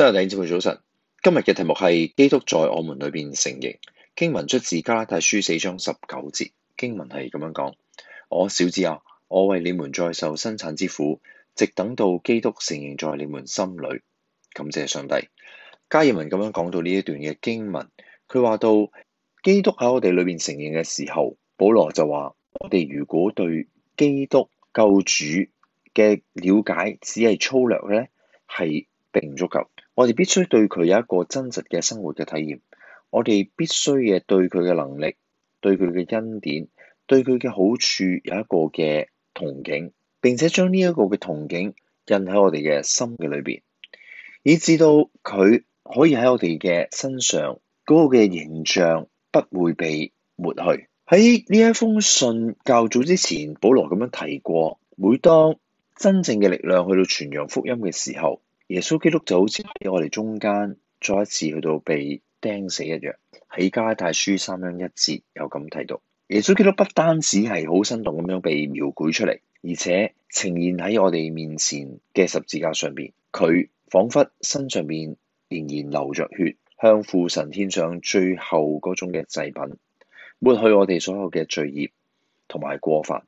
真係李志佩早晨。今日嘅題目係基督在我們裡面成形經文出自《加拉太書四章十九節》，經文係咁樣講：我小子啊，我為你們再受生產之苦，直等到基督成形在你們心裡。感謝上帝。加爾文咁樣講到呢一段嘅經文，佢話到基督喺我哋裡面成形嘅時候，保羅就話：我哋如果對基督救主嘅了解只係粗略嘅咧，係並唔足夠。我哋必須對佢有一個真實嘅生活嘅體驗，我哋必須嘅對佢嘅能力、對佢嘅恩典、對佢嘅好處有一個嘅憧憬，並且將呢一個嘅憧憬印喺我哋嘅心嘅裏邊，以至到佢可以喺我哋嘅身上嗰、那個嘅形象不會被抹去。喺呢一封信較早之前，保羅咁樣提過，每當真正嘅力量去到傳揚福音嘅時候。耶穌基督就好似喺我哋中間再一次去到被釘死一樣，喺《加拉太書》三章一節有咁提到，耶穌基督不單止係好生動咁樣被描繪出嚟，而且呈現喺我哋面前嘅十字架上面。佢仿佛身上面仍然流着血，向父神獻上最後嗰種嘅祭品，抹去我哋所有嘅罪孽同埋過犯。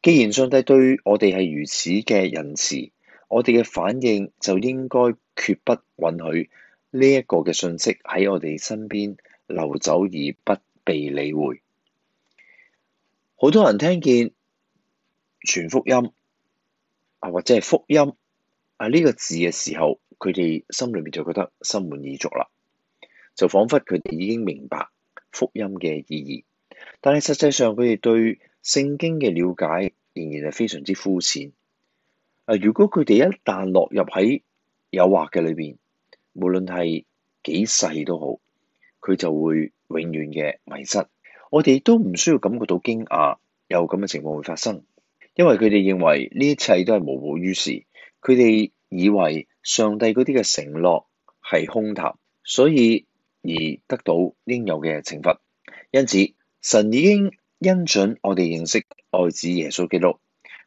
既然上帝對我哋係如此嘅仁慈，我哋嘅反應就應該決不允許呢一個嘅信息喺我哋身邊流走而不被理會。好多人聽見全福音啊，或者係福音啊呢個字嘅時候，佢哋心裏面就覺得心滿意足啦，就仿佛佢哋已經明白福音嘅意義。但係實際上佢哋對聖經嘅了解仍然係非常之膚淺。啊！如果佢哋一旦落入喺誘惑嘅裏邊，無論係幾細都好，佢就會永遠嘅迷失。我哋都唔需要感覺到驚訝有咁嘅情況會發生，因為佢哋認為呢一切都係無補於事。佢哋以為上帝嗰啲嘅承諾係空談，所以而得到應有嘅懲罰。因此，神已經恩準我哋認識，認識愛子耶穌基督。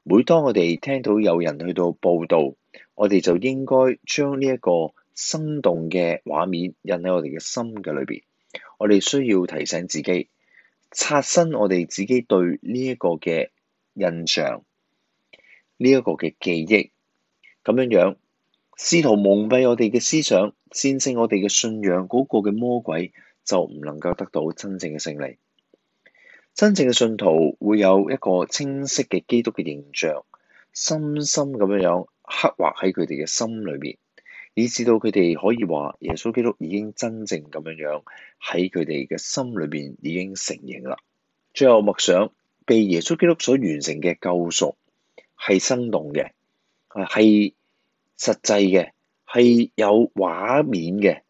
每當我哋聽到有人去到報導，我哋就應該將呢一個生動嘅畫面印喺我哋嘅心嘅裏邊。我哋需要提醒自己，刷新我哋自己對呢一個嘅印象，呢一個嘅記憶，咁樣樣試圖蒙蔽我哋嘅思想，戰勝我哋嘅信仰嗰個嘅魔鬼，就唔能夠得到真正嘅勝利。真正嘅信徒會有一個清晰嘅基督嘅形象，深深咁樣樣刻劃喺佢哋嘅心裏邊，以至到佢哋可以話耶穌基督已經真正咁樣樣喺佢哋嘅心裏邊已經成形啦。最後，我默想，被耶穌基督所完成嘅救贖係生動嘅，啊係實際嘅，係有畫面嘅。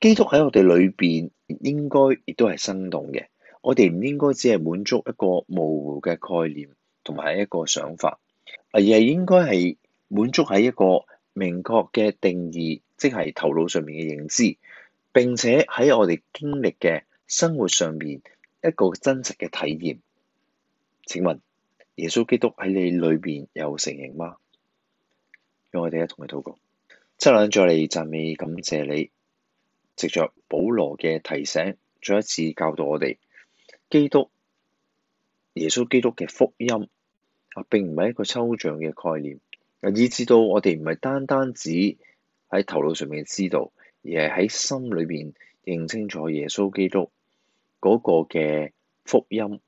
基督喺我哋裏邊應該亦都係生動嘅。我哋唔應該只係滿足一個模糊嘅概念同埋一個想法，而係應該係滿足喺一個明確嘅定義，即係頭腦上面嘅認知，並且喺我哋經歷嘅生活上面一個真實嘅體驗。請問耶穌基督喺你裏邊有成形嗎？讓我哋一同嚟禱告。親愛嘅，再嚟讚美感謝你，藉着保羅嘅提醒，再一次教導我哋。基督耶穌基督嘅福音啊，並唔係一個抽象嘅概念。以至到我哋唔係單單只喺頭腦上面知道，而係喺心裏邊認清楚耶穌基督嗰個嘅福音，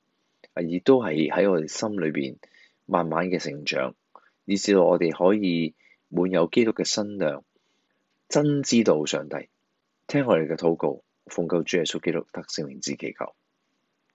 亦都係喺我哋心裏邊慢慢嘅成長，以至到我哋可以滿有基督嘅身量，真知道上帝。聽我哋嘅禱告，奉救主耶穌基督得聖名之祈求。